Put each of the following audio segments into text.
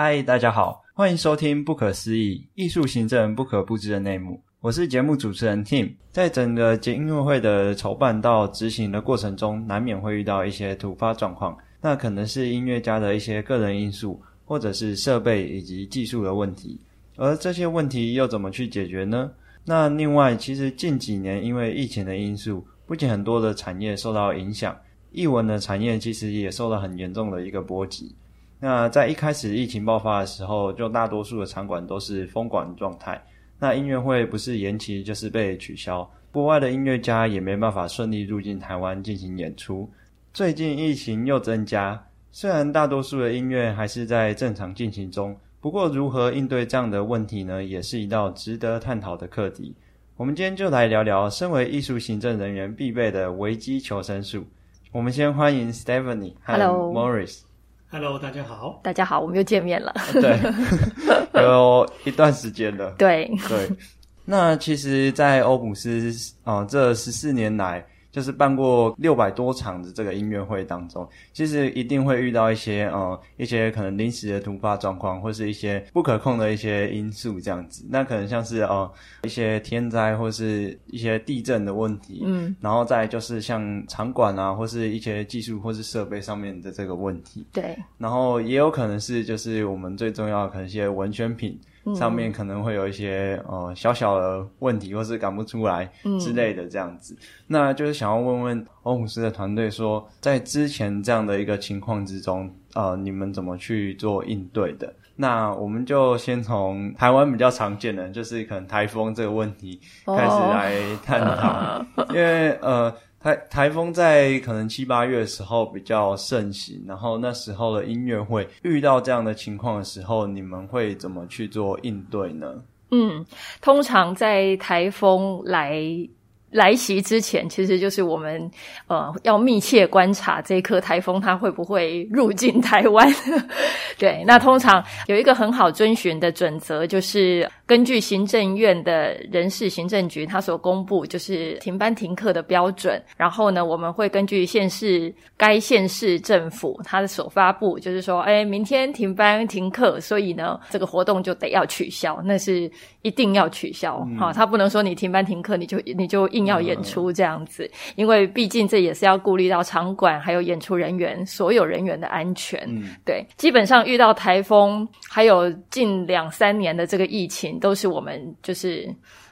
嗨，大家好，歡迎收聽《不可思藝藝術行政不可不知的內幕》。我是節目主持人 Tim。在整個節音樂會的籌辦到執行的過程中，難免會遇到一些突發狀況。那可能是音樂家的一些個人因素，或者是設備以及技術的問題。而這些問題又怎麼去解決呢？那另外，其實近幾年因為疫情的因素，不僅很多的產業受到影響，藝文的產業其實也受到很嚴重的一個波及。那在一開始疫情爆發的時候，就大多數的場館都是封館狀態。那音樂會不是延期就是被取消。國外的音樂家也沒辦法順利入境台灣進行演出。最近疫情又增加，雖然大多數的音樂還是在正常進行中，不過如何應對這樣的問題呢？也是一道值得探討的課題。我們今天就來聊聊身為藝術行政人員必備的危機求生術。我們先歡迎 Stephanie 和、Hello. Morris。哈嘍，大家好。大家好，我們又見面了。 對，有 一段時間了。對對，那其實在，在歐普思啊，這十四年來。就是辦過六百多場的這個音樂會當中，其實一定會遇到一些呃一些可能臨時的突發狀況，或是一些不可控的一些因素這樣子。那可能像是哦、呃、一些天災，或是一些地震的問題，嗯，然後再就是像場館啊，或是一些技術或是設備上面的這個問題，對，然後也有可能是就是我們最重要的可能一些文宣品。上面可能會有一些呃小小的問題，或是趕不出來之類的這樣子，嗯、那就是想要問問歐普思的團隊說，在之前這樣的一個情況之中，呃，你們怎麼去做應對的？那我們就先從台灣比較常見的，就是可能台風這個問題開始來探討，哦、 因為呃台台風在可能七八月的時候比較盛行，然後那時候的音樂會遇到這樣的情況的時候，你們會怎麼去做應對呢？嗯，通常在台風來。來襲之前，其實就是我們呃要密切觀察這一顆台風它會不會入境台灣。 對，那通常有一個很好遵循的準則，就是根據行政院的人事行政局它所公布，就是停班停課的標準。然後呢，我們會根據縣市該縣市政府它的所發布，就是說，哎，明天停班停課，所以呢，這個活動就得要取消，那是一定要取消啊。他、嗯、不能說你停班停課，你就你就一。一定要演出這樣子，因為畢竟這也是要顧慮到場館還有演出人員，所有人員的安全。嗯，對，基本上遇到台風，還有近兩三年的這個疫情，都是我們就是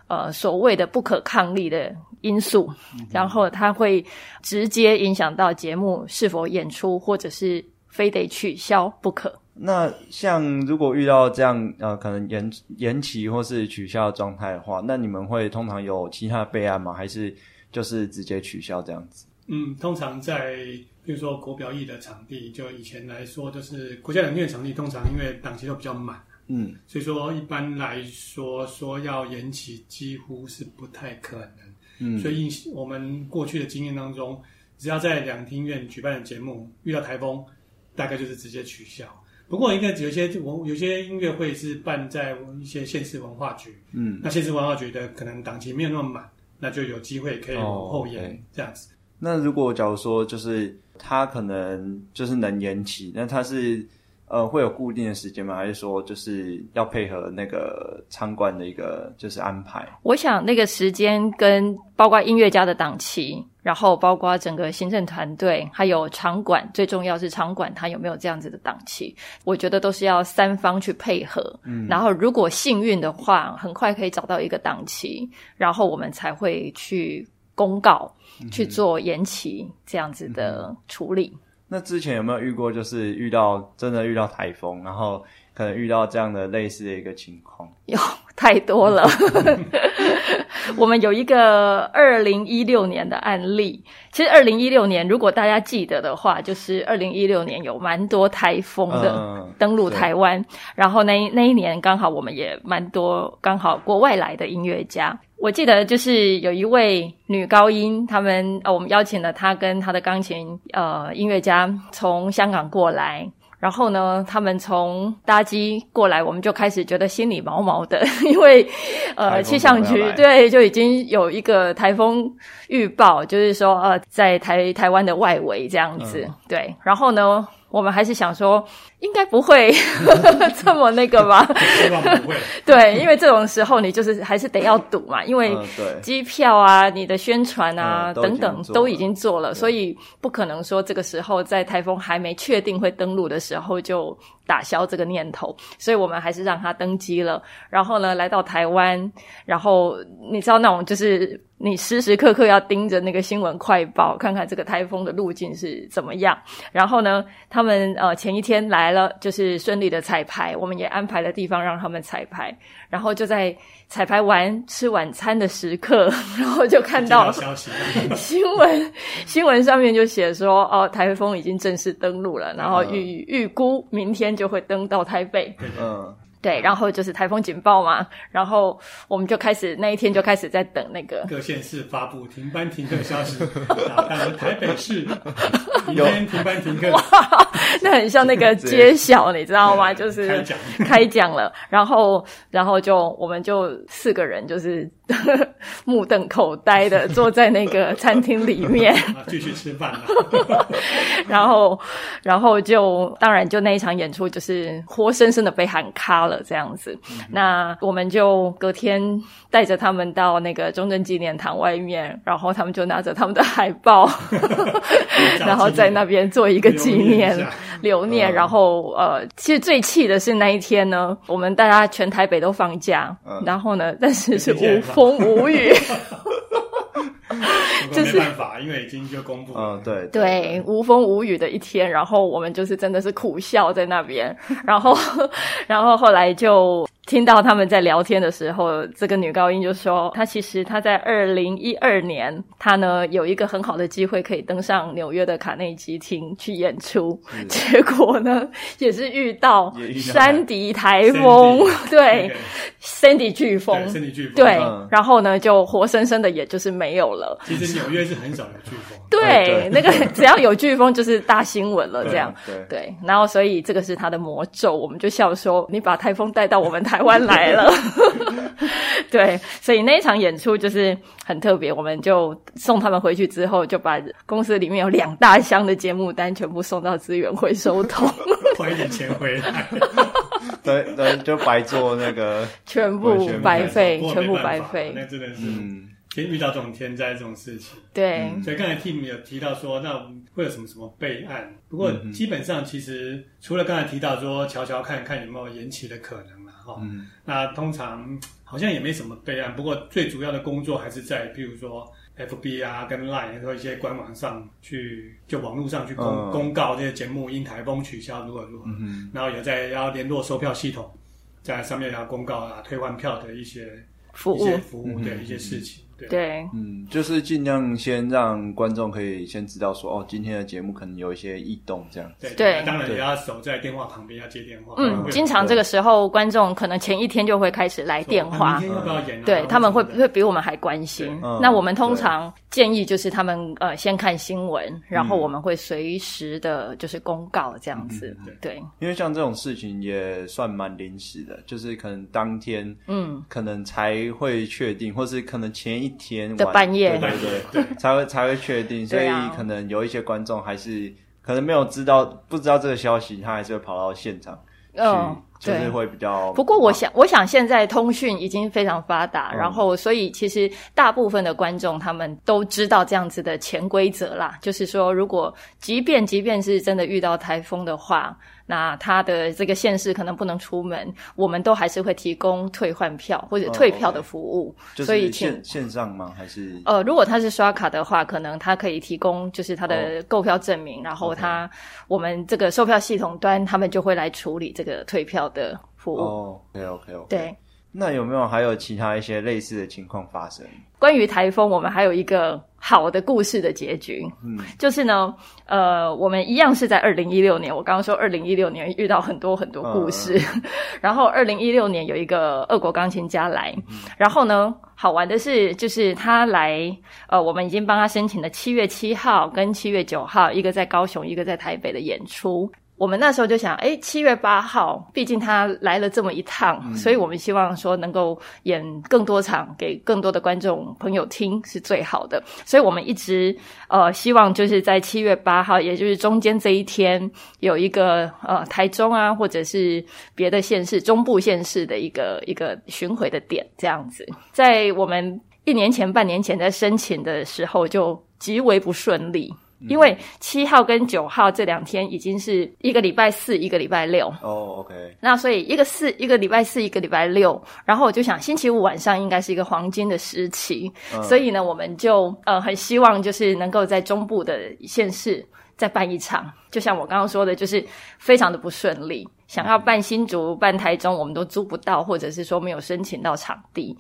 呃所謂的不可抗力的因素，然後它會直接影響到節目是否演出，或者是非得取消不可。那像如果遇到這樣呃，可能延延期或是取消狀態的話，那你們會通常有其他備案嗎？還是就是直接取消這樣子？嗯，通常在比如說國表藝的場地，就以前來說，就是國家兩廳院的場地，通常因為檔期都比較滿，嗯，所以說一般來說說要延期幾乎是不太可能。嗯，所以我們過去的經驗當中，只要在兩廳院舉辦的節目遇到台風，大概就是直接取消。不過應，應該有些我有些音樂會是辦在一些縣市文化局，嗯，那縣市文化局的可能檔期沒有那麼滿，那就有機會可以往後延這樣子。哦 okay. 那如果假如說就是他可能就是能延期，那他是。呃，會有固定的時間嗎？還是說就是要配合那個場館的一個就是安排？我想那個時間跟包括音樂家的檔期，然後包括整個行政團隊，還有場館，最重要是場館它有沒有這樣子的檔期？我覺得都是要三方去配合。嗯，然後如果幸運的話，很快可以找到一個檔期，然後我們才會去公告去做延期這樣子的處理。嗯那之前有沒有遇過？就是遇到真的遇到台風，然後可能遇到這樣的類似的一個情況？有太多了。 我們有一個二零一六年的案例，其實二零一六年如果大家記得的話，就是二零一六年有蠻多台風的、嗯、登陸台灣，然後那那一年剛好我們也蠻多，剛好國外來的音樂家。我記得就是有一位女高音，他們呃、哦，我們邀請了她跟她的鋼琴呃音樂家從香港過來，然後呢，他們從搭機過來，我們就開始覺得心裡毛毛的，因為呃氣象局對就已經有一個台風預報，就是說呃在台台灣的外圍這樣子、嗯，對，然後呢。我們還是想說，應該不會 這麼那個吧？ 不 對，因為這種時候你就是還是得要賭嘛，因為機票啊、嗯、你的宣傳啊、嗯、等等都已，都已經做了，所以不可能說這個時候在台風還沒確定會登陸的時候就打消這個念頭。所以我們還是讓他登機了，然後呢，來到台灣，然後你知道那種就是。你時時刻刻要盯着那個新聞快報，看看這個台風的路徑是怎麼樣。然後呢，他們呃前一天來了，就是順利的彩排，我們也安排了地方讓他們彩排。然後就在彩排完吃晚餐的時刻，然後就看到，到 新聞新聞上面就寫說，哦，台風已經正式登陸了，然後預、嗯、預估明天就會登到台北。嗯。對，然後就是颱風警報嘛，然後我們就開始那一天就開始在等那個各縣市發布停班停課消息，台北市有 停班停課，哇，那很像那個揭曉， 你知道嗎？就是開獎了、開獎了！然後然後就我們就四個人就是 目瞪口呆的坐在那個餐廳裡面 繼續吃飯 然、然後然後就當然就那一場演出就是活生生的被喊卡了。這樣子，那我們就隔天帶着他們到那個中正紀念堂外面，然後他們就拿着他們的海報， 然後在那邊做一個紀念，留念，留念，留念。然後呃，其實最氣的是那一天呢，我們大家全台北都放假， 然後呢，但是是無風無雨。 就是沒辦法、就是，因為已經就公布了。嗯、對對,對,對，無風無雨的一天，然後我們就是真的是苦笑在那邊。然後， 然後後來就聽到他們在聊天的時候，這個女高音就說：“她其實她在二零一二年，她呢有一個很好的機會可以登上紐約的卡內基廳去演出，結果呢也是遇到，也遇到山迪台風， Sandy, 對，山迪颶風，山迪颶風，對，對、嗯，然後呢就活生生的也就是沒有了。”其實紐約是很少有颶風， 對，對，對，那個只要有颶風就是大新聞了。這樣對，對，對，然後所以這個是他的魔咒，我們就笑說，你把台風帶到我們台灣來了。 對，所以那一場演出就是很特別，我們就送他們回去之後，就把公司裡面有兩大箱的節目單全部送到資源回收桶，換 一點錢回來 對，對對，就白做那個全部白費，全部白費，那 真的是。嗯先遇到這種天災這種事情，對，所以剛才 team 有提到說，那會有什麼什麼備案？不過基本上其實除了剛才提到說，瞧瞧看看有沒有延期的可能嘛、啊。哈、哦，嗯，那通常好像也沒什麼備案。不過最主要的工作還是在，比如說 FB 啊、跟 LINE 或一些官網上去，就網絡上去公、哦、公告這些節目因台風取消，如何如何嗯。然後有在要聯絡售票系統，在上面要公告啊，退換票的一些服務一些服務對，一些事情。嗯對，嗯，就是盡量先讓觀眾可以先知道說，哦，今天的節目可能有一些異動這樣。對，對啊、當然也要守在電話旁邊要接電話。嗯，經常這個時候觀眾可能前一天就會開始來電話，對、啊嗯，他們會會比我們還關心、嗯。那我們通常建議就是他們呃先看新聞，然後我們會隨時的就是公告這樣子、嗯嗯對。對，因爲像這種事情也算蠻臨時的，就是可能當天嗯可能才會確定，或是可能前一。一天的半夜，對對 才會才會確定，所以可能有一些觀眾還是、 啊，可能沒有知道不知道這個消息，他還是會跑到現場去嗯，oh, 就是會比較。不過我想，啊，我想現在通訊已經非常發達，oh. 然後所以其實大部分的觀眾他們都知道這樣子的潛規則啦，就是說，如果即便即便是真的遇到台風的話。那他的這個縣市，可能不能出門，我們都還是會提供退換票或者退票的服務。哦 okay. 就是線所以請線上嗎？還是呃，如果他是刷卡的話，可能他可以提供就是他的購票證明，哦、然後他、okay. 我們這個售票系統端他們就會來處理這個退票的服務。哦，OK OK OK。對，那有沒有還有其他一些類似的情況發生？關於台風，我們還有一個。好的故事的結局，就是呢，呃，我們一樣是在二零一六年。我剛剛說二零一六年遇到很多很多故事，啊，然後二零一六年有一個俄國鋼琴家來，然後呢，好玩的是，就是他來，呃，我們已經幫他申請了七月七號跟七月九號，一個在高雄，一個在台北的演出。我們那時候就想，哎，七月八號，畢竟他來了這麼一趟，嗯，所以我們希望說能夠演更多場，給更多的觀眾朋友聽是最好的。所以我們一直呃希望就是在七月八號，也就是中間這一天，有一個呃台中啊，或者是別的縣市，中部縣市的一個一個巡迴的點，這樣子。在我們一年前，半年前在申請的時候，就極為不順利。因為七號跟九號這兩天已經是一個禮拜四，一個禮拜六。哦，OK。那所以一個四，一個禮拜四，一個禮拜六。然後我就想，星期五晚上應該是一個黃金的時期，嗯。所以呢，我們就呃很希望就是能夠在中部的縣市再辦一場。就像我剛剛說的，就是非常的不順利，想要辦新竹、辦台中，我們都租不到，或者是說沒有申請到場地。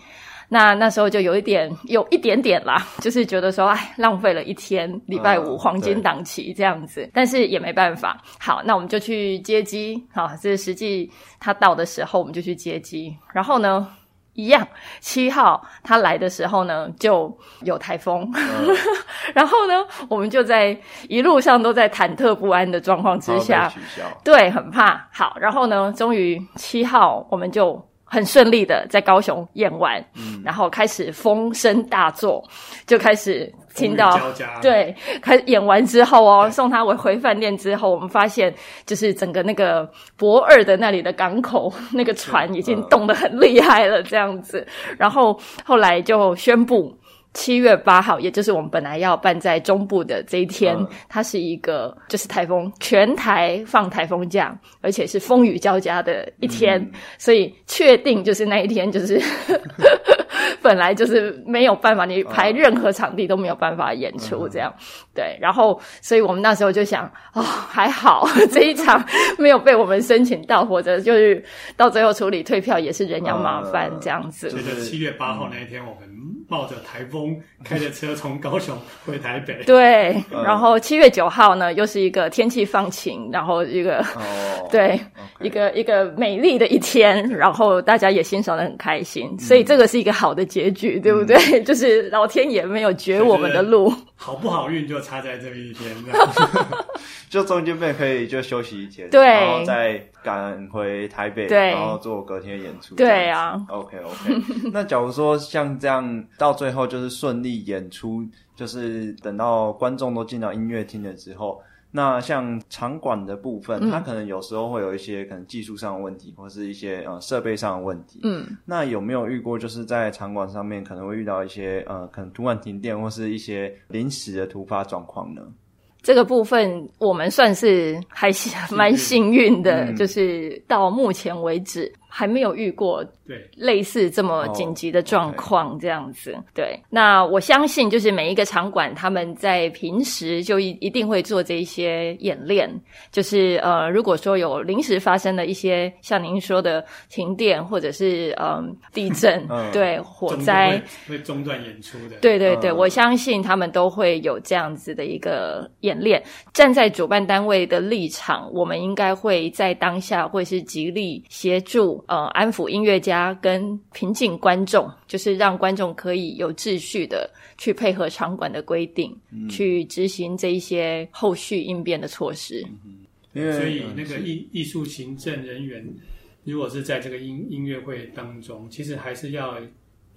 那那時候就有一點，有一點點啦，就是覺得說，唉，浪費了一天，禮拜五黃金檔期這樣子、嗯，但是也沒辦法。好，那我們就去接機，好，就是實際他到的時候我們就去接機。然後呢，一樣，七號他來的時候呢就有台風，嗯、 然後呢，我們就在一路上都在忐忑不安的狀況之下怕，對，很怕。好，然後呢，終於七號我們就。很順利的在高雄演完，哦嗯，然後開始風聲大作，就開始聽到。對，開始演完之後哦，哎，送他回回飯店之後，我們發現就是整個那個駁二的那裡的港口， 那個船已經動得很厲害了，嗯、這樣子。然後後來就宣布。七月八號，也就是我們本來要辦在中部的這一天，嗯、它是一個就是台風，全台放台風假，而且是風雨交加的一天，嗯、所以確定就是那一天就是 本來就是沒有辦法，你排任何場地都沒有辦法演出這樣。嗯、對，然後所以我們那時候就想，哦，還好這一場沒有被我們申請到，或者就是到最後處理退票也是人仰馬翻這樣子。嗯、就是七月八號那一天，我們、嗯。冒着颱風，開着車從高雄回台北。對，然後七月九號呢，又是一個天氣放晴，嗯、然後一個，哦、對，okay. 一個一個美麗的一天，然後大家也欣賞的很開心、嗯，所以這個是一個好的結局，對不對？嗯、就是老天爺沒有絕我們的路，好不好運就差在這一天， 就中間可以就休息一天，對， 然後再趕回台北，對，然後做隔天演出，對啊，OK OK， 那假如說像這樣。到最後就是順利演出，就是等到觀眾都進到音樂廳了之後，那像場館的部分、嗯，它可能有時候會有一些可能技術上的問題，或是一些呃設備上的問題。嗯，那有沒有遇過就是在場館上面可能會遇到一些呃可能突然停電，或是一些臨時的突發狀況呢？這個部分我們算是還蠻幸運的幸運、嗯，就是到目前為止還沒有遇過。對，類似這麼緊急的狀況這樣子，Oh, okay. 對，那我相信就是每一個場館，他們在平時就一一定會做這一些演練，就是呃，如果說有臨時發生的一些像您說的停電或者是嗯、呃、地震， 對，火災會會中斷演出的，對對對、嗯，我相信他們都會有這樣子的一個演練。站在主辦單位的立場，我們應該會在當下會是極力協助呃安撫音樂家。跟平靜觀眾，就是讓觀眾可以有秩序的去配合場館的規定，嗯、去執行這一些後續應變的措施。嗯、所以，那個藝藝術行政人員，如果是在這個音音樂會當中，其實還是要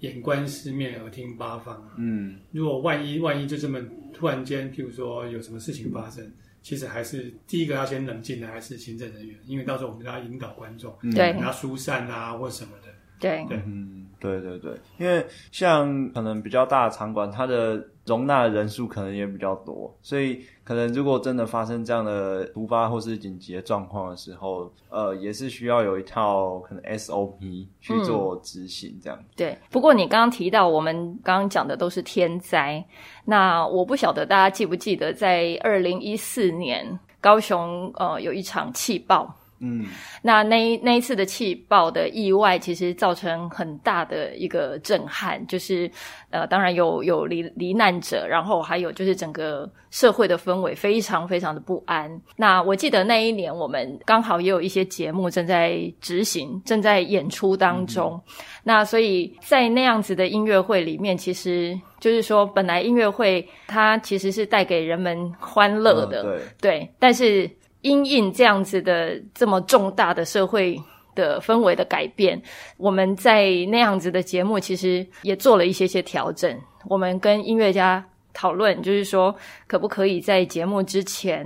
眼觀四面，耳聽八方、啊、嗯，如果萬一萬一就這麼突然間，譬如說有什麼事情發生，嗯、其實還是第一個要先冷靜的，還是行政人員，因為到時候我們要引導觀眾，對、嗯，然後疏散啊，或什麼的。對，對，嗯，對對對，因為像可能比較大的場館，它的容納的人數，可能也比較多，所以可能如果真的發生這樣的突發或是緊急的狀況的時候，呃，也是需要有一套可能 SOP 去做執行這樣。嗯，對，不過你剛剛提到我們剛剛講的都是天災，那我不曉得大家記不記得，在二零一四年高雄，呃，有一場氣爆。嗯，那那那一次的氣爆的意外，其實造成很大的一個震撼，就是呃，當然有有罹罹難者，然後還有就是整個社會的氛圍非常非常的不安。那我記得那一年我們剛好也有一些節目正在執行，正在演出當中嗯嗯。那所以在那樣子的音樂會裡面，其實就是說，本來音樂會它其實是帶給人們歡樂的、嗯對，對，但是。因應這樣子的這麼重大的社會的氛圍的改變，我們在那樣子的節目其實也做了一些些調整。我們跟音樂家討論，就是說可不可以在節目之前，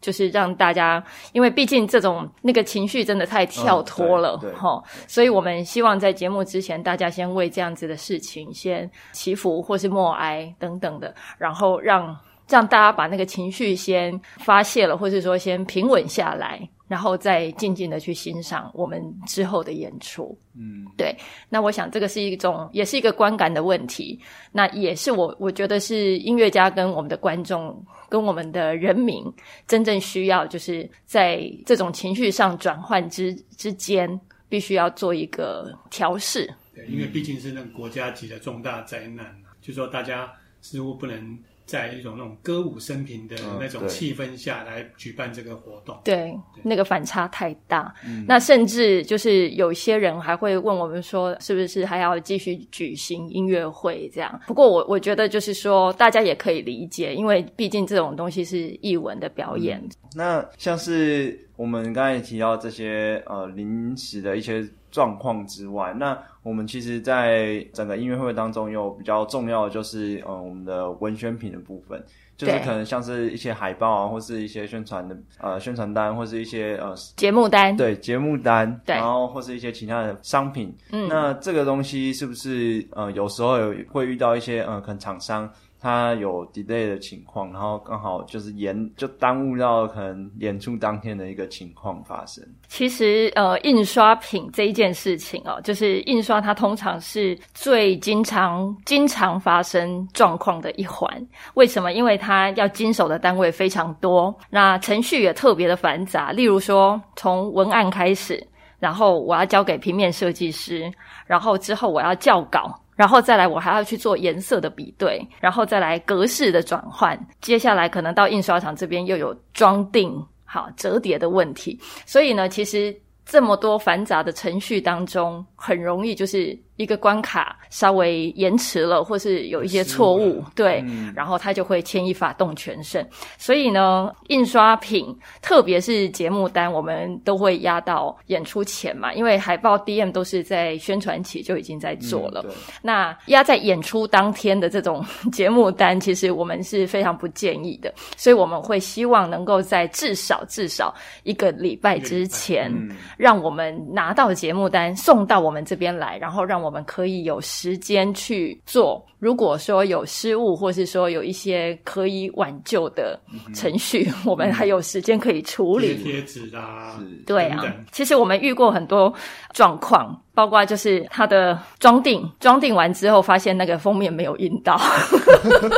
就是讓大家，因為畢竟這種那個情緒真的太跳脫了、嗯，齁，所以我們希望在節目之前，大家先為這樣子的事情先祈福或是默哀等等的，然後讓。讓大家把那個情緒先發洩了，或是說先平穩下來，然後再靜靜的去欣賞我們之後的演出。嗯，對。那我想這個是一種，也是一個觀感的問題。那也是我，我覺得是音樂家跟我們的觀眾，跟我們的人民真正需要，就是在這種情緒上轉換之之間，必須要做一個調試。對，因為畢竟是那個國家級的重大災難、嗯、就是說大家似乎不能。在一種那種歌舞升平的那種氣氛下來舉辦這個活動，對，對那個反差太大。嗯。那甚至就是有些人還會問我們說，是不是還要繼續舉行音樂會這樣。不過我我覺得就是說，大家也可以理解，因為畢竟這種東西是藝文的表演。嗯。那像是我們剛才提到這些呃臨時的一些狀況之外，那。我們其實，在整個音樂會當中，有比較重要的就是，呃、嗯，我們的文宣品的部分，就是可能像是一些海報啊，或是一些宣傳的呃宣傳單，或是一些呃節目單，對節目單，對，然後或是一些其他的商品。嗯，那這個東西是不是呃，有時候會遇到一些呃，可能廠商。它有 delay 的情況，然後剛好就是延，就耽誤到可能演出當天的一個情況發生。其實，呃，印刷品這一件事情哦，就是印刷它通常是最經常經常發生狀況的一環。為什麼？因為它要經手的單位非常多，那程序也特別的繁雜。例如說，從文案開始，然後我要交給平面設計師，然後之後我要校稿。然後再來，我還要去做顏色的比對，然後再來格式的轉換。接下來可能到印刷廠這邊又有裝訂、好折疊的問題。所以呢，其實這麼多繁雜的程序當中，很容易就是。一個關卡稍微延遲了，或是有一些錯誤，對、嗯，然後他就會牽一髮動全身。所以呢，印刷品，特別是節目單，我們都會壓到演出前嘛，因為海報、DM 都是在宣傳期就已經在做了。嗯、那壓在演出當天的這種節目單，其實我們是非常不建議的。所以我們會希望能夠在至少至少一個禮拜之前，嗯、讓我們拿到節目單送到我們這邊來，然後讓我們我們可以有時間去做。如果說有失誤，或是說有一些可以挽救的程序，嗯、我們還有時間可以處理。嗯、貼紙啦、啊，對啊，啊，其實我們遇過很多狀況，包括就是它的裝訂，裝訂完之後發現那個封面沒有印到，呵 呵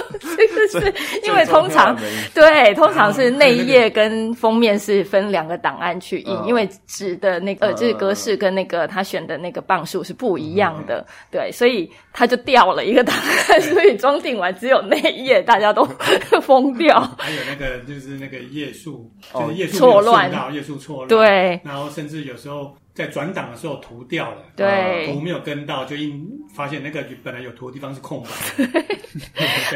是因為通常對，通常是內頁跟封面是分兩個檔案去印，啊、因為紙的那個就是、呃呃、格式跟那個他選的那個磅數是不一樣的、嗯，對，所以他就掉了一個檔案。所以裝訂完只有那一頁，大家都瘋掉。還有那個就是那個頁數，就是頁數錯亂。然後頁數錯亂，對。然後甚至有時候。在轉檔的時候塗掉了，對、呃，我沒有跟到，就因發現那個本來有塗的地方是空白的。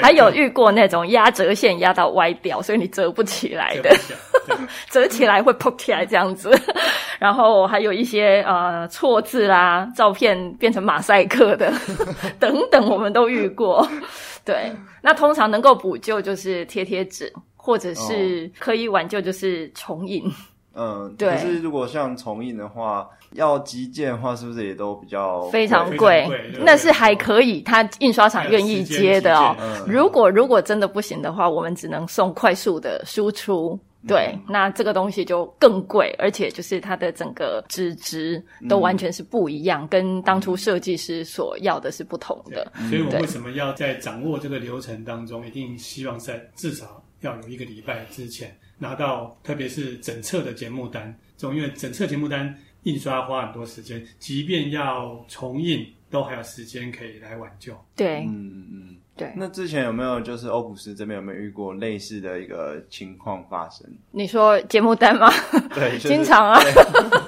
還 有遇過那種壓折線壓到歪掉，所以你折不起來的，折不起來，對 折起來會撲起來這樣子。 然後還有一些呃錯字啦，照片變成馬賽克的 等等，我們都遇過。 對，那通常能夠補救就是貼貼紙，或者是可以挽救就是重印。哦嗯，對。可是如果像重印的話，要急件的話，是不是也都比較非常貴，非常貴？那是還可以，他印刷廠願意接的哦。如果如果真的不行的話，我們只能送快速的輸出。對，那這個東西就更貴，而且就是它的整個紙質都完全是不一樣，嗯，跟當初設計師所要的是不同的。所以我為什麼要在掌握這個流程當中，嗯，一定希望在至少要有一個禮拜之前拿到，特別是整冊的節目單，因為整冊節目單印刷花很多時間，即便要重印，都還有時間可以來挽救，對，嗯嗯，對。那之前有沒有就是歐普思這邊有沒有遇過類似的一個情況發生？你說節目單嗎？對，就是、經常啊。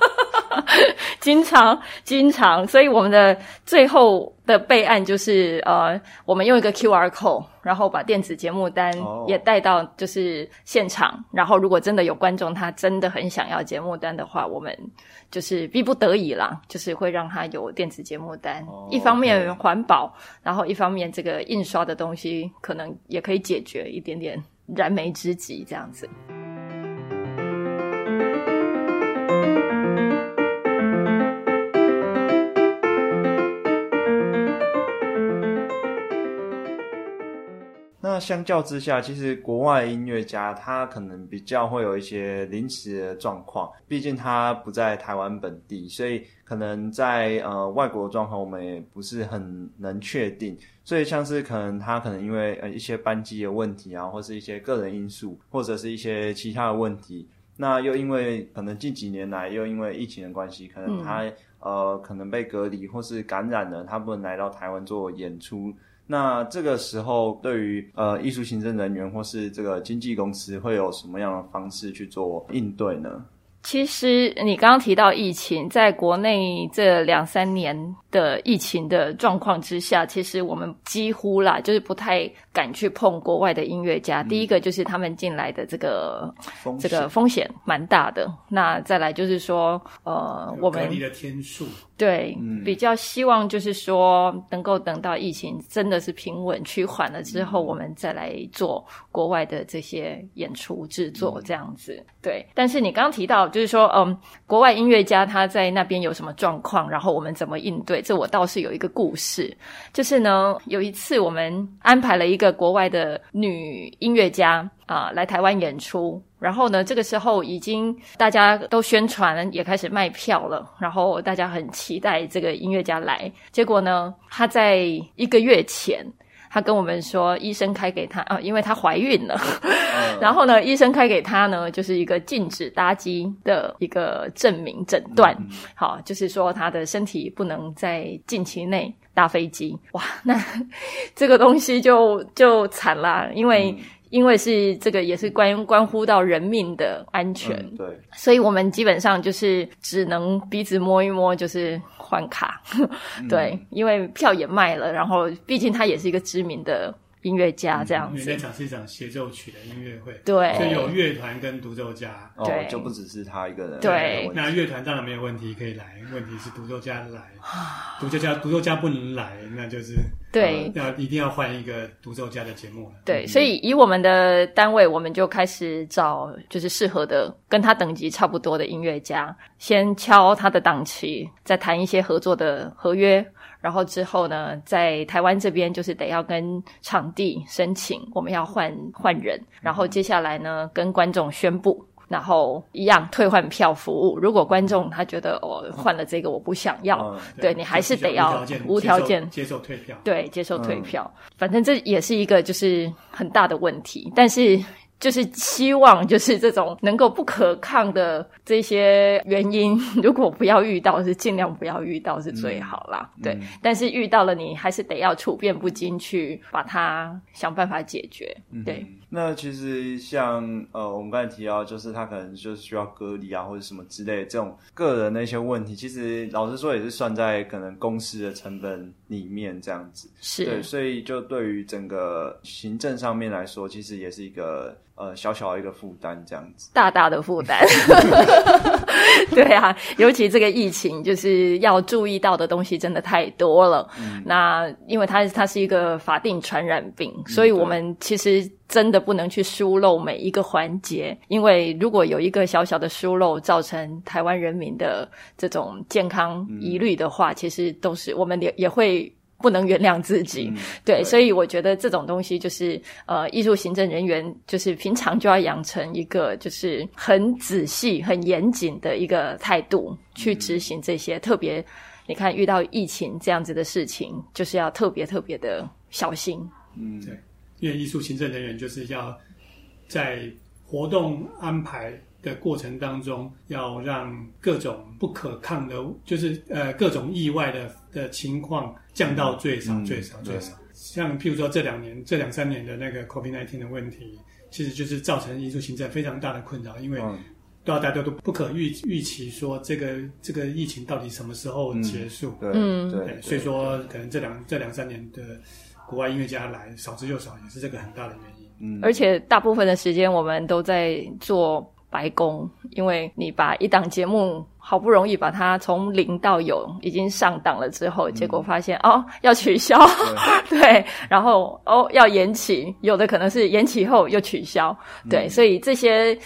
經常，經常，所以我們的最後的備案就是，呃，我們用一個 QR code，然後把電子節目單也帶到就是現場，Oh. 然後如果真的有觀眾他真的很想要節目單的話，我們就是逼不得已啦，就是會讓他有電子節目單，Oh, okay. 一方面環保，然後一方面這個印刷的東西可能也可以解決一點點燃眉之急，這樣子。那相較之下，其實國外音樂家他可能比較會有一些臨時的狀況，畢竟他不在台灣本地，所以可能在呃外國的狀況我們也不是很能確定。所以像是可能他可能因為呃一些班機的問題啊，或是一些個人因素，或者是一些其他的問題，那又因為可能近幾年來又因為疫情的關係，可能他、嗯、呃可能被隔離或是感染了，他不能來到台灣做演出。那這個時候對，對於呃藝術行政人員或是這個經紀公司，會有什麼樣的方式去做應對呢？其實你剛剛提到疫情，在國內這兩三年的疫情的狀況之下，其實我們幾乎啦，就是不太敢去碰國外的音樂家。嗯、第一個就是他們進來的這個這個風險蠻大的。那再來就是說，呃，我們，對、嗯、比較希望就是說，能夠等到疫情真的是平穩趨緩了之後、嗯，我們再來做國外的這些演出制作、嗯、這樣子。對，但是你剛剛提到。就是說，嗯，國外音樂家他在那邊有什麼狀況，然後我們怎麼應對？這我倒是有一個故事。就是呢，有一次我們安排了一個國外的女音樂家啊來台灣演出，然後呢，這個時候已經大家都宣傳，也開始賣票了，然後大家很期待這個音樂家來。結果呢，她在一個月前。他跟我們說，醫生開給他啊、哦，因為她懷孕了。Oh, oh, oh, 然後呢，醫生開給他呢，就是一個禁止搭機的一個證明診斷。Oh, 好，就是說她的身體不能在近期內搭飛機。哇，那這個東西就就慘啦，因為。因為是這個，也是關關乎到人命的安全、嗯，對，所以我們基本上就是只能鼻子摸一摸，就是換卡，嗯、 對，因為票也賣了，然後畢竟他也是一個知名的音樂家，嗯、這樣子。那場是一場協奏曲的音樂會，對，就有樂團跟獨奏家，哦、對、哦，就不只是他一個人。對，那樂團當然沒有問題可以來，問題是獨奏家來，啊、獨奏家獨奏家不能來，那就是。對、要、嗯、一定要換一個獨奏家的節目。對，嗯，所以以我們的單位，我們就開始找就是適合的跟他等級差不多的音樂家，先敲他的檔期，再談一些合作的合約。然後之後呢，在台灣這邊就是得要跟場地申請，我們要換換人。然後接下來呢，跟觀眾宣布。然後一樣退換票服務，如果觀眾他覺得我、哦、換了這個我不想要，哦哦、對，對你還是得要無條件接受，接受退票，對，接受退票、嗯。反正這也是一個就是很大的問題，但是就是希望就是這種能夠不可抗的這些原因，如果不要遇到是盡量不要遇到是最好啦。嗯、對、嗯。但是遇到了你還是得要處變不驚去把它想辦法解決，嗯、對。那其實像呃，我們剛才提到，就是他可能就是需要隔離啊，或者什麼之類的這種個人的一些問題，其實老實說也是算在可能公司的成本裡面這樣子。是。對，所以就對於整個行政上面來說，其實也是一個。呃，小小一個負擔這樣子，大大的負擔， 對啊，尤其這個疫情，就是要注意到的東西真的太多了。嗯、那因為它它是一個法定傳染病，嗯，所以我們其實真的不能去疏漏每一個環節。嗯，因為如果有一個小小的疏漏，造成台灣人民的這種健康疑慮的話，嗯，其實都是我們也也會。不能原諒自己。嗯對，對，所以我覺得這種東西就是，呃，藝術行政人員就是平常就要養成一個就是很仔細、很嚴謹的一個態度去執行這些，嗯、特別，你看遇到疫情這樣子的事情，就是要特別特別的小心。嗯，對，因為藝術行政人員就是要在活動安排的過程當中，要讓各種不可抗的，就是呃各種意外的的情況降到最少、嗯、最少、嗯、最少。像譬如說這兩年、這兩三年的那個 COVID-19 的問題，其實就是造成藝術行政非常大的困擾，因為，多、嗯、大家都不可預預期說這個這個疫情到底什麼時候結束？嗯、對，對，對，對。所以說，可能這兩這兩三年的國外音樂家來少之又少，也是這個很大的原因。嗯，而且大部分的時間我們都在做。白宮，因為你把一檔節目好不容易把它從零到有已經上檔了之後，結果發現、嗯、哦，要取消，對， 對，然後哦，要延期，有的可能是延期後又取消，對，嗯、所以這些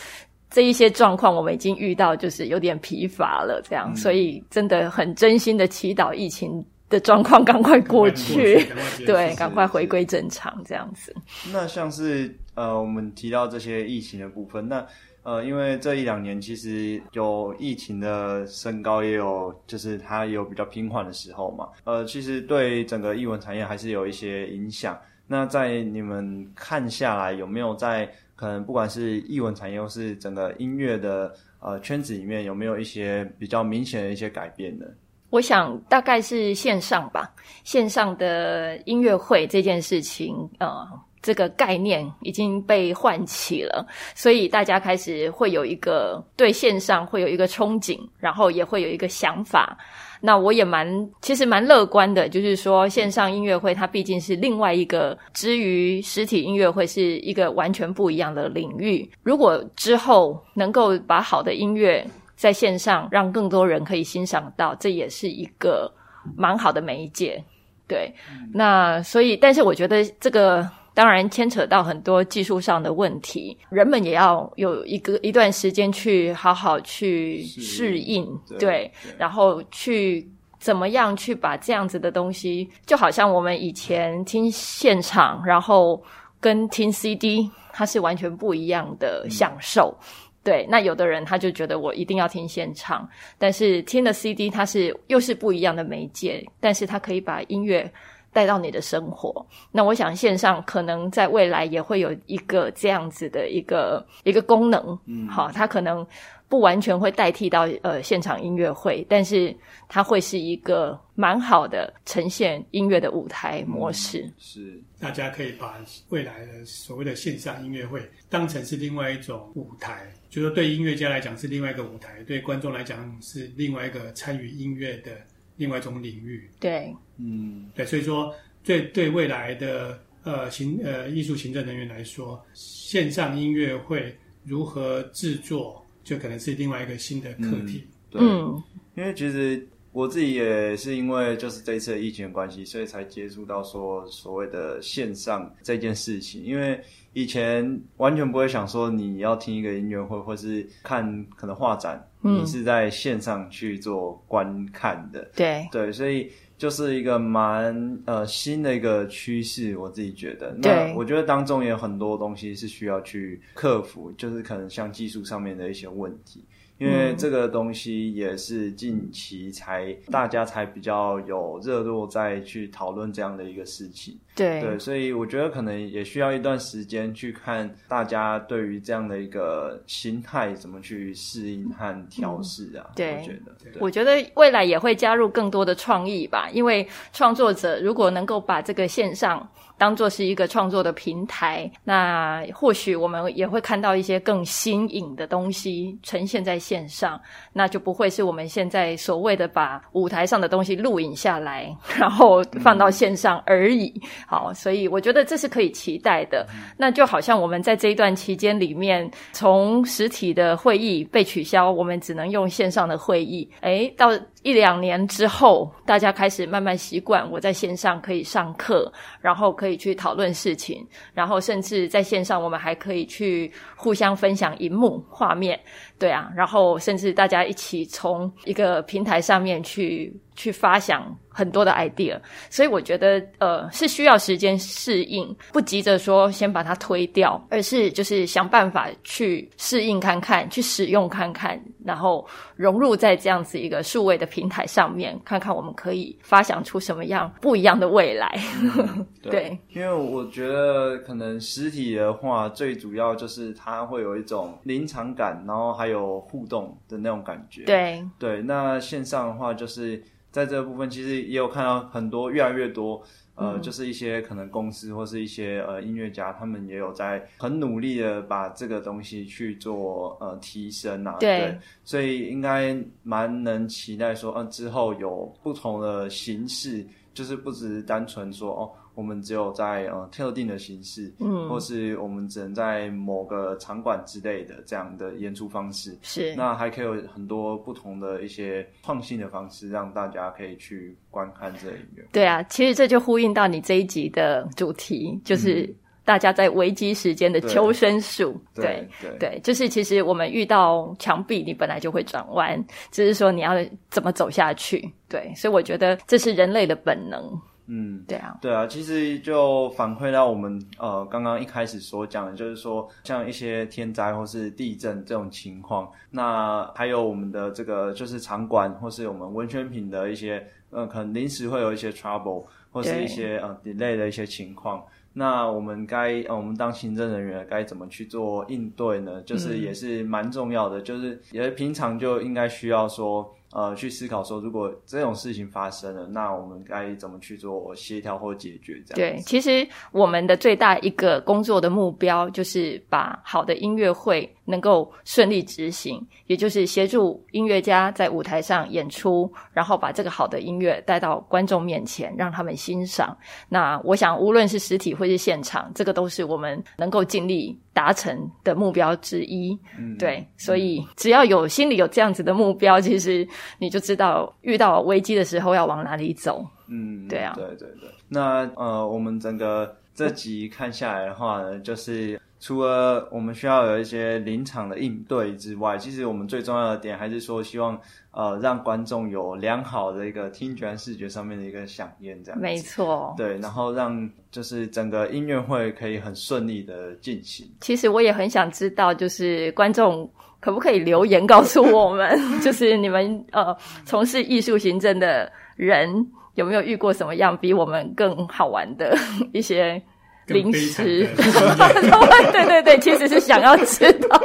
這一些狀況我們已經遇到，就是有點疲乏了，這樣、嗯，所以真的很真心的祈禱疫情的狀況趕快過去，趕快回去，趕快回去，對，趕快回歸正常這樣子。那像是呃，我們提到這些疫情的部分，那。呃，因為這一兩年其實有疫情的升高，也有就是它也有比較平緩的時候嘛。呃，其實對整個藝文產業還是有一些影響。那在你們看下來，有沒有在可能不管是藝文產業，或是整個音樂的呃圈子裡面，有沒有一些比較明顯的一些改變呢？我想大概是線上吧，線上的音樂會這件事情呃、嗯這個概念已經被喚起了，所以大家開始會有一個對線上會有一個憧憬，然後也會有一個想法。那我也蠻其實蠻樂觀的，就是說線上音樂會它畢竟是另外一個，之於實體音樂會是一個完全不一樣的領域。如果之後能夠把好的音樂在線上讓更多人可以欣賞到，這也是一個蠻好的媒介。對，那所以，但是我覺得這個。當然牽扯到很多技術上的問題，人們也要有一個一段時間去好好去適應對對，對，然後去怎麼樣去把這樣子的東西，就好像我們以前聽現場，然後跟聽 CD，它是完全不一樣的享受，嗯，對。那有的人他就覺得我一定要聽現場，但是聽了 CD 它是又是不一樣的媒介，但是它可以把音樂。帶到你的生活，那我想線上可能在未來也會有一個這樣子的一個一個功能，嗯，好，它可能不完全會代替到呃現場音樂會，但是它會是一個蠻好的呈現音樂的舞台模式。嗯，是，大家可以把未來的所謂的線上音樂會當成是另外一種舞台，就是說，對音樂家來講是另外一個舞台，對觀眾來講是另外一個參與音樂的。另外一種領域，對，嗯，對，所以說，對對未來的呃行呃藝術行政人員來說，線上音樂會如何制作，就可能是另外一個新的課題。嗯、對、嗯，因為其實我自己也是因為就是這一次的疫情關係，所以才接觸到說所謂的線上這件事情。因為以前完全不會想說你要聽一個音樂會，或是看可能畫展。你是在線上去做觀看的，嗯、對對，所以就是一個蠻呃新的一個趨勢，我自己覺得。對。那我覺得當中也有很多東西是需要去克服，就是可能像技術上面的一些問題。因為這個東西也是近期才、嗯、大家才比較有熱度再去討論這樣的一個事情。對，對，所以我覺得可能也需要一段時間去看大家對於這樣的一個心態怎麼去適應和調試啊。對、嗯，我覺得，我覺得未來也會加入更多的創意吧，因為創作者如果能夠把這個線上當做是一個創作的平台，那或許我們也會看到一些更新穎的東西呈現在，現在。線上，那就不會是我們現在所謂的把舞台上的東西錄影下來，然後放到線上而已。好，所以我覺得這是可以期待的。那就好像我們在這一段期間裡面，從實體的會議被取消，我們只能用線上的會議，誒，到。一兩年之後，大家開始慢慢習慣我在線上可以上課，然後可以去討論事情，然後甚至在線上我們還可以去互相分享熒幕畫面，對啊，然後甚至大家一起從一個平台上面去。去發想很多的 idea，所以我覺得呃是需要時間適應，不急着說先把它推掉，而是就是想辦法去適應看看，去使用看看，然後融入在這樣子一個數位的平台上面，看看我們可以發想出什麼樣不一樣的未來。嗯， 對。對，因為我覺得可能實體的話，最主要就是它會有一種臨場感，然後還有互動的那種感覺。對對，那線上的話就是。在這部分，其實也有看到很多越來越多，嗯，呃，就是一些可能公司或是一些呃音樂家，他們也有在很努力的把這個東西去做呃提升啊。對。對，所以應該蠻能期待說，嗯，呃，之後有不同的形式，就是不只是單純說哦。我們只有在呃特定的形式，嗯，或是我們只能在某個場館之類的這樣的演出方式，是。那還可以有很多不同的一些創新的方式，讓大家可以去觀看這一面。對啊，其實這就呼應到你這一集的主題，就是大家在危機時間的求生術，嗯。對對，對，對，對，對，就是其實我們遇到牆壁，你本來就會轉彎，只，就是說你要怎麼走下去。對，所以我覺得這是人類的本能。嗯，對啊，對啊，其實就反饋到我們呃剛剛一開始所講的，就是說像一些天災或是地震這種情況，那還有我們的這個就是場館或是我們文宣品的一些呃可能臨時會有一些 trouble 或是一些呃 delay 的一些情況，那我們該、呃、我們當行政人員該怎麼去做應對呢？就是也是蠻重要的、嗯，就是也是平常就應該需要說。呃，去思考說，如果這種事情發生了，那我們該怎麼去做協調或解決？這樣子對，其實我們的最大一個工作的目標，就是把好的音樂會能夠順利執行，也就是協助音樂家在舞台上演出，然後把這個好的音樂帶到觀眾面前，讓他們欣賞。那我想，無論是實體或是現場，這個都是我們能夠盡力達成的目標之一。嗯，對，所以只要有、嗯、心裡有這樣子的目標，其實。你就知道遇到危機的時候，要往哪裡走，嗯，對啊，對對對。那呃，我們整個這集看下來的話呢，就是。除了我們需要有一些臨場的應對之外，其實我們最重要的點還是說，希望呃讓觀眾有良好的一個聽覺視覺上面的一個饗宴，這樣子沒錯。對，然後讓就是整個音樂會可以很順利的進行。其實我也很想知道，就是觀眾可不可以留言告訴我們， 就是你們呃從事藝術行政的人有沒有遇過什麼樣比我們更好玩的 一些？臨時， 對對對，其實是想要知道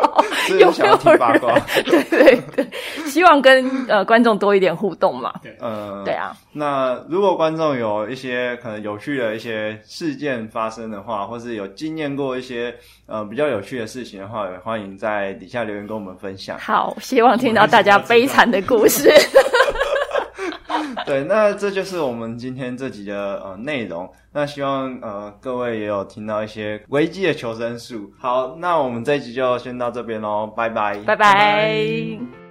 有沒有人，是想要八卦 對對對，希望跟呃觀眾多一點互動嘛。對、okay.，嗯。對啊。那如果觀眾有一些可能有趣的一些事件發生的話，或是有經驗過一些呃比較有趣的事情的話，也歡迎在底下留言跟我們分享。好，希望聽到大家悲慘的故事。 對，那這就是我們今天這集的呃內容。那希望呃各位也有聽到一些危機的求生術。好，那我們這一集就先到這邊咯，拜拜，拜拜。拜拜